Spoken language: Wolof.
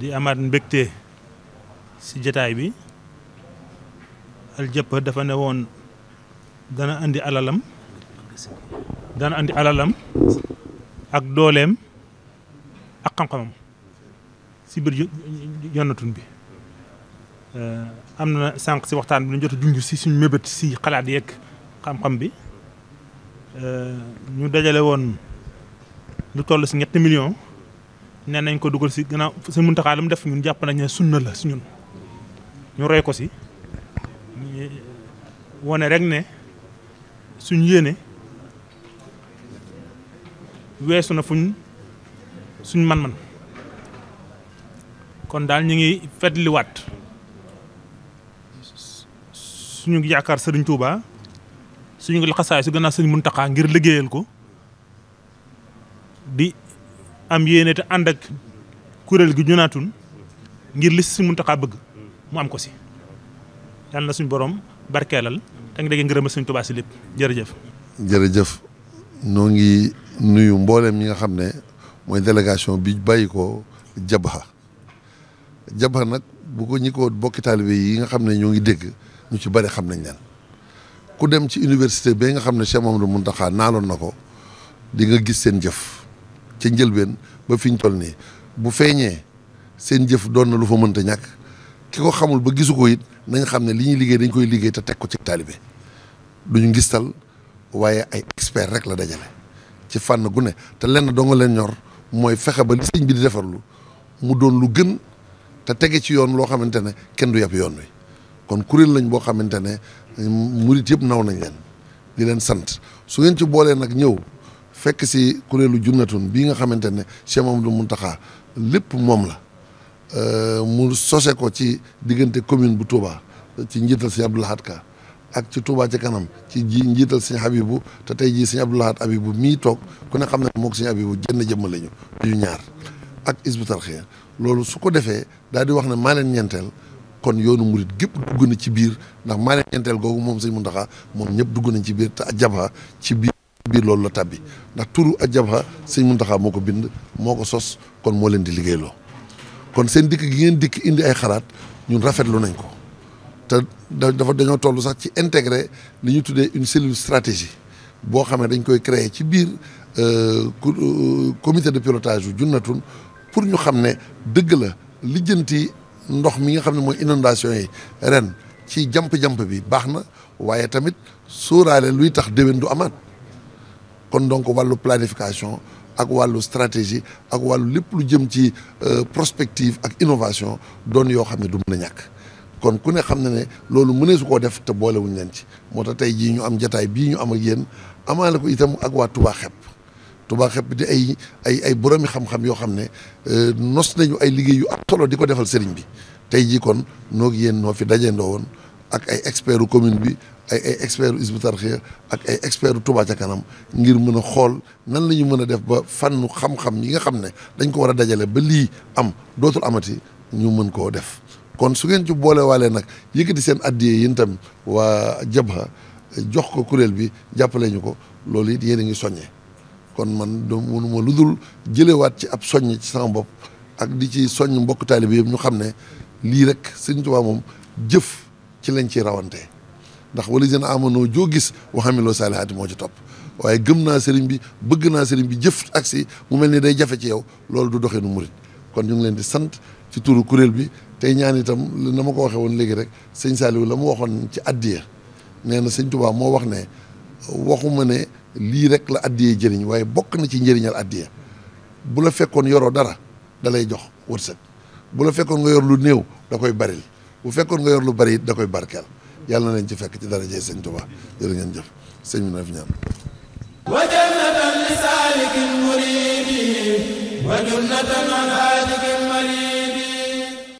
di amaat mbégte ci jataay bi aljëppa dafa ne woon dana andi alalam dana andi alalam ak dooleem ak xam-xamam ci biir yonnatun bi am na sanq si waxtaan bi ñu jot a junj ci suñu mébét ci xalaat yeeg xam-xam bi ñu dajale woon lu toll si ñetti million nee nañ ko dugal si gannaaw sëñ Muntaxa la mu def ñun jàpp nañ ne na la si ñun ñu roy ko si wone rek ne suñ yéene weesu na fuñ suñ man-man kon daal ñu ngi fetliwaat suñu yaakaar sëriñ Touba suñu ngi laxasaay su gannaaw mun Muntaxa ngir liggéeyal ko di am yéene te ànd ak kuréel gi ñu naatun ngir li si Muntaxa bëgg mu am ko si yàlla na suñu borom barkeelal te ngi dégg ngërëmal suñu Tuubaa si lépp jërëjëf. jërëjëf noo ngi nuyu mbooleem ñi nga xam ne mooy délégation bi bàyyi ko Jabaxa Jabaxa nag bu ko ñi ko bokki taalibe yi nga xam ne ñoo ngi dégg ñu ci bari xam nañ leen ku dem ci université ba nga xam ne Cheikh Mamadou Muntaxa naaloon na ko di nga gis seen jëf. ca njëlbeen ba fiñ toll nii bu feeñee seen jëf doon na lu fa mënta ñàkk ki ko xamul ba gisu ko it nañ xam ne li ñuy liggéey dañ koy liggéey te teg ko ci taalibe duñu ngistal waaye ay expert rek la dajale ci fànn gu ne te lenn dong leen ñor mooy fexe ba li sëñ bi di defarlu mu doon lu gën te tege ci yoon loo xamante ne kenn du yab yoon wi kon kuréel lañ boo xamante ne murit yëpp naw nañ leen di leen sant su ngeen ci boolee nag ñëw fekk si kuréelu junnatun bii nga xamante ne Cheikh Mamadou Mountakha lépp moom la euh, mu sose ko ci diggante commune bu Touba ci njiital sëñ Abdou Lahad Ka ak ci Touba ci kanam ci ji njiital sëñ Habibou te tey jii sëñ Abdou Lahad Habibou mii toog ku ne xam ne moog sëñ Habibou jënn jëmm lañu ñu ñaar ak Hizbut Tarqiyyah loolu su ko defee daal di wax ne maa leen ñeenteel kon yoonu murit gépp dugg na ci biir ndax maa leen ñeenteel googu moom sëñ Mountakha moom ñëpp dugg nañ ci biir te jaba ci biir biir loolu la tàbbi ndax turu ak jabha sëñ Muntaxa moo ko bind moo ko sos kon moo leen di liggéeyloo kon seen dikk gi ngeen dikk indi ay xalaat ñun rafetlu nañ ko te dafa dañoo toll sax ci intégré li ñu tuddee une cellule stratégie boo xam ne dañ koy créer ci biir euh, euh, comité de pilotage yu Junnatun pour ñu xam ne dëgg la lijjanti ndox mi nga xam ne mooy inondation yi ren ci jamp-jamp bi baax na waaye tamit sóoraale luy tax déwén du amaat kon donc wàllu planification ak wàllu stratégie ak wàllu lépp lu jëm ci euh, prospective ak innovation doon yoo xam ne du mën a ñàkk kon ku ne xam na ne loolu mënee koo def te boolewuñ leen ci moo tax tey jii ñu am jataay bii ñu am ak yéen amaale ko itam ak waa Touba xepp Touba xepp di ay ay ay boroomi xam-xam yoo xam ne euh, nos nañu ay liggéeyu yu am solo di ko defal sëriñ bi tey jii kon noog yéen noo fi dajendoo woon ak ay expertu commune bi ay ay experts u ak ay experts u ca kanam ngir mën a xool nan lañu mën a def ba fànnu xam-xam ñi nga xam ne dañ ko war a dajale ba lii am dootul amati ñu mën koo def kon su ngeen ci boolewaalee nag di seen addiyee yéen tam waa Jabha jox ko kuréel bi jàppale ñu ko loolu it yéen a ngi soññee kon man du mënuma lu dul jëlewaat ci ab soññ ci sama bopp ak di ci soññ mbokk taalibe yëpp ñu xam ne lii rek Sëriñ Tuubaa moom jëf ci lañ ci rawante ndax wala jën amanoo joo gis waxamiloo saalihaati moo ci topp waaye gëm naa sëriñ bi bëgg naa sëriñ bi jëf aksi mu mel ni day jafe ci yow loolu du doxee nu murit kon ñu ngi leen di sant ci turu kuréel bi tey ñaan itam na ma ko waxee woon léegi rek sëñ Saliou la mu waxoon ci addiya nee na sëñ Tuubaa moo wax ne waxuma ne lii rek la addiya jëriñ waaye bokk na ci njëriñal addiya bu la fekkoon yoroo dara da lay jox wërsëg la fekkoon nga yor lu néew da koy baril bu fekkoon nga yor lu bari it da koy yàlla na leen ci fekk ci darajey sëñ Tuubaa jërë ngeen jëf sëñ bi na fi ñaan wa jannatan li saalikin muridi wa jannatan an haadikin